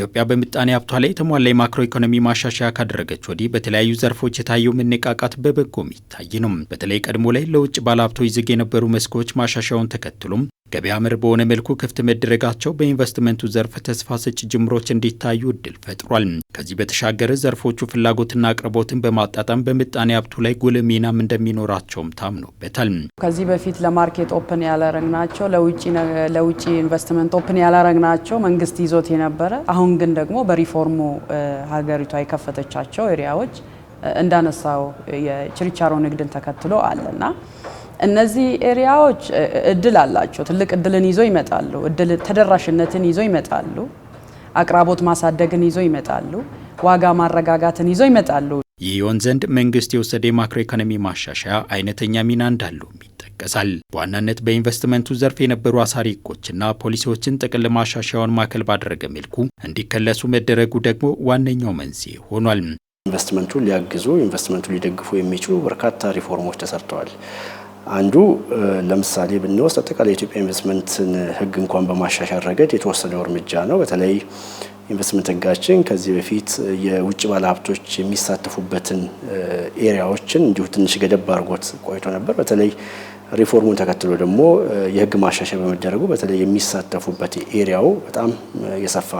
ኢትዮጵያ በምጣኔ ሀብቷ ላይ የተሟላ የማክሮ ኢኮኖሚ ማሻሻያ ካደረገች ወዲህ በተለያዩ ዘርፎች የታየው መነቃቃት በበጎ የሚታይ ነው። በተለይ ቀድሞ ላይ ለውጭ ባለሀብቶች ዝግ የነበሩ መስኮች ማሻሻያውን ተከትሎም ገበያ መር በሆነ መልኩ ክፍት መደረጋቸው በኢንቨስትመንቱ ዘርፍ ተስፋ ሰጭ ጅምሮች እንዲታዩ እድል ፈጥሯል። ከዚህ በተሻገረ ዘርፎቹ ፍላጎትና አቅርቦትን በማጣጣም በምጣኔ ሀብቱ ላይ ጉልህ ሚናም እንደሚኖራቸውም ታምኖበታል። ከዚህ በፊት ለማርኬት ኦፕን ያላረግናቸው ለውጭ ኢንቨስትመንት ኦፕን ያላረግናቸው መንግስት ይዞት የነበረ አሁን ግን ደግሞ በሪፎርሙ ሀገሪቷ የከፈተቻቸው ኤሪያዎች እንዳነሳው የችርቻሮ ንግድን ተከትሎ አለና እነዚህ ኤሪያዎች እድል አላቸው። ትልቅ እድልን ይዞ ይመጣሉ። እድል ተደራሽነትን ይዞ ይመጣሉ። አቅራቦት ማሳደግን ይዞ ይመጣሉ። ዋጋ ማረጋጋትን ይዞ ይመጣሉ። ይህ ይሆን ዘንድ መንግስት የወሰደ የማክሮ ኢኮኖሚ ማሻሻያ አይነተኛ ሚና እንዳለውም ይጠቀሳል። በዋናነት በኢንቨስትመንቱ ዘርፍ የነበሩ አሳሪ ሕጎችና ፖሊሲዎችን ጥቅል ማሻሻያውን ማዕከል ባደረገ መልኩ እንዲከለሱ መደረጉ ደግሞ ዋነኛው መንስኤ ሆኗል። ኢንቨስትመንቱ ሊያግዙ ኢንቨስትመንቱ ሊደግፉ የሚችሉ በርካታ ሪፎርሞች ተሰርተዋል። አንዱ ለምሳሌ ብንወስድ አጠቃላይ የኢትዮጵያ ኢንቨስትመንትን ህግ እንኳን በማሻሻል ረገድ የተወሰነው እርምጃ ነው። በተለይ ኢንቨስትመንት ህጋችን ከዚህ በፊት የውጭ ባለሀብቶች የሚሳተፉበትን ኤሪያዎችን እንዲሁ ትንሽ ገደብ አድርጎት ቆይቶ ነበር። በተለይ ሪፎርሙን ተከትሎ ደግሞ የህግ ማሻሻያ በመደረጉ በተለይ የሚሳተፉበት ኤሪያው በጣም የሰፋ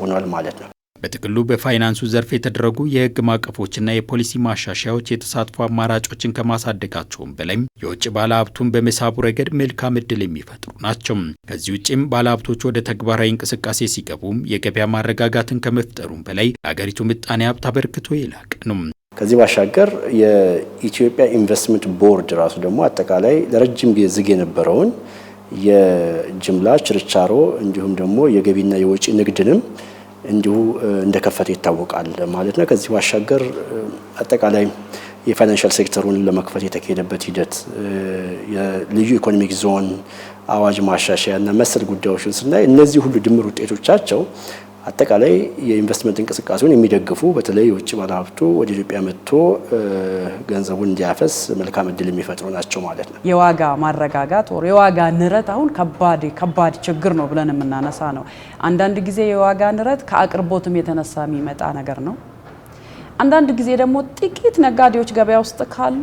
ሆኗል ማለት ነው። በጥቅሉ በፋይናንሱ ዘርፍ የተደረጉ የህግ ማዕቀፎችና የፖሊሲ ማሻሻያዎች የተሳትፎ አማራጮችን ከማሳደጋቸውም በላይም የውጭ ባለሀብቱን በመሳቡ ረገድ መልካም እድል የሚፈጥሩ ናቸው። ከዚህ ውጭም ባለሀብቶች ወደ ተግባራዊ እንቅስቃሴ ሲገቡም የገበያ ማረጋጋትን ከመፍጠሩም በላይ ለአገሪቱ ምጣኔ ሀብት አበርክቶ የላቀ ነው። ከዚህ ባሻገር የኢትዮጵያ ኢንቨስትመንት ቦርድ ራሱ ደግሞ አጠቃላይ ለረጅም ጊዜ ዝግ የነበረውን የጅምላ ችርቻሮ እንዲሁም ደግሞ የገቢና የወጪ ንግድንም እንዲሁ እንደከፈተ ይታወቃል ማለት ነው። ከዚህ ባሻገር አጠቃላይ የፋይናንሻል ሴክተሩን ለመክፈት የተካሄደበት ሂደት የልዩ ኢኮኖሚክ ዞን አዋጅ ማሻሻያ እና መሰል ጉዳዮችን ስናይ እነዚህ ሁሉ ድምር ውጤቶቻቸው አጠቃላይ የኢንቨስትመንት እንቅስቃሴውን የሚደግፉ በተለይ የውጭ ባለሀብቱ ወደ ኢትዮጵያ መጥቶ ገንዘቡን እንዲያፈስ መልካም እድል የሚፈጥሩ ናቸው ማለት ነው። የዋጋ ማረጋጋት ወር የዋጋ ንረት አሁን ከባድ ከባድ ችግር ነው ብለን የምናነሳ ነው። አንዳንድ ጊዜ የዋጋ ንረት ከአቅርቦትም የተነሳ የሚመጣ ነገር ነው። አንዳንድ ጊዜ ደግሞ ጥቂት ነጋዴዎች ገበያ ውስጥ ካሉ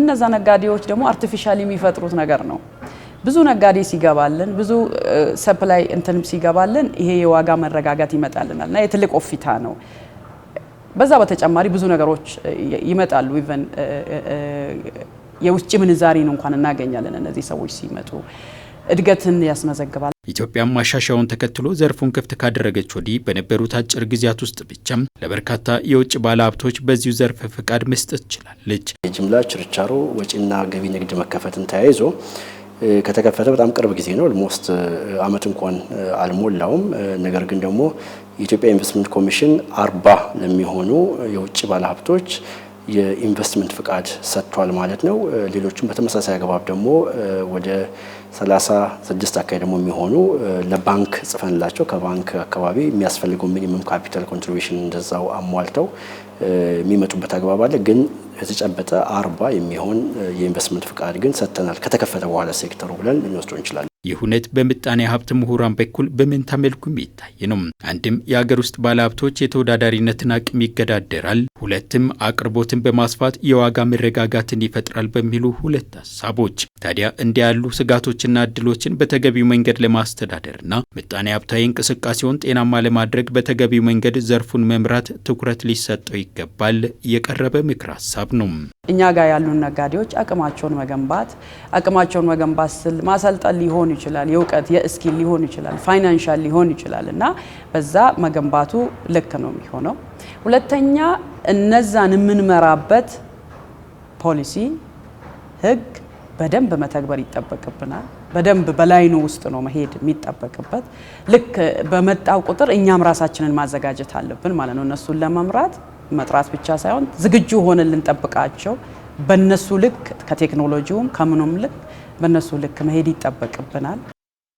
እነዛ ነጋዴዎች ደግሞ አርቲፊሻል የሚፈጥሩት ነገር ነው። ብዙ ነጋዴ ሲገባልን ብዙ ሰፕላይ እንትንም ሲገባልን ይሄ የዋጋ መረጋጋት ይመጣልናል እና የትልቅ ኦፊታ ነው። በዛ በተጨማሪ ብዙ ነገሮች ይመጣሉ። ኢቨን የውጭ ምንዛሬን እንኳን እናገኛለን እነዚህ ሰዎች ሲመጡ እድገትን ያስመዘግባል። ኢትዮጵያ ማሻሻያውን ተከትሎ ዘርፉን ክፍት ካደረገች ወዲህ በነበሩት አጭር ጊዜያት ውስጥ ብቻም ለበርካታ የውጭ ባለ ሀብቶች በዚሁ ዘርፍ ፍቃድ መስጠት ችላለች። የጅምላ ችርቻሮ ወጪና ገቢ ንግድ መከፈትን ተያይዞ ከተከፈተ በጣም ቅርብ ጊዜ ነው። ኦልሞስት አመት እንኳን አልሞላውም። ነገር ግን ደግሞ የኢትዮጵያ ኢንቨስትመንት ኮሚሽን አርባ ለሚሆኑ የውጭ ባለሀብቶች የኢንቨስትመንት ፍቃድ ሰጥቷል ማለት ነው። ሌሎችም በተመሳሳይ አግባብ ደግሞ ወደ 36 አካባቢ ደግሞ የሚሆኑ ለባንክ ጽፈንላቸው ከባንክ አካባቢ የሚያስፈልገው ሚኒመም ካፒታል ኮንትሪቢሽን እንደዛው አሟልተው የሚመጡበት አግባብ አለ። ግን የተጨበጠ አርባ የሚሆን የኢንቨስትመንት ፍቃድ ግን ሰጥተናል ከተከፈተ በኋላ ሴክተሩ ብለን ልንወስዶ እንችላለን። ይህ እውነት በምጣኔ ሀብት ምሁራን በኩል በምንታ መልኩ የሚታይ ነው። አንድም የአገር ውስጥ ባለሀብቶች የተወዳዳሪነትን አቅም ይገዳደራል፣ ሁለትም አቅርቦትን በማስፋት የዋጋ መረጋጋትን ይፈጥራል በሚሉ ሁለት ሀሳቦች። ታዲያ እንዲህ ያሉ ስጋቶችና እድሎችን በተገቢው መንገድ ለማስተዳደርና ምጣኔ ሀብታዊ እንቅስቃሴውን ጤናማ ለማድረግ በተገቢው መንገድ ዘርፉን መምራት ትኩረት ሊሰጠው ይገባል የቀረበ ምክር ሀሳብ ነው። እኛ ጋር ያሉን ነጋዴዎች አቅማቸውን መገንባት አቅማቸውን መገንባት ስል ማሰልጠን ሊሆን ይችላል፣ የእውቀት የእስኪል ሊሆን ይችላል፣ ፋይናንሻል ሊሆን ይችላል እና በዛ መገንባቱ ልክ ነው የሚሆነው። ሁለተኛ እነዛን የምንመራበት ፖሊሲ ህግ በደንብ መተግበር ይጠበቅብናል። በደንብ በላይኑ ውስጥ ነው መሄድ የሚጠበቅበት። ልክ በመጣው ቁጥር እኛም ራሳችንን ማዘጋጀት አለብን ማለት ነው። እነሱን ለመምራት መጥራት ብቻ ሳይሆን ዝግጁ ሆነን ልንጠብቃቸው በነሱ ልክ ከቴክኖሎጂውም ከምኑም ልክ በነሱ ልክ መሄድ ይጠበቅብናል።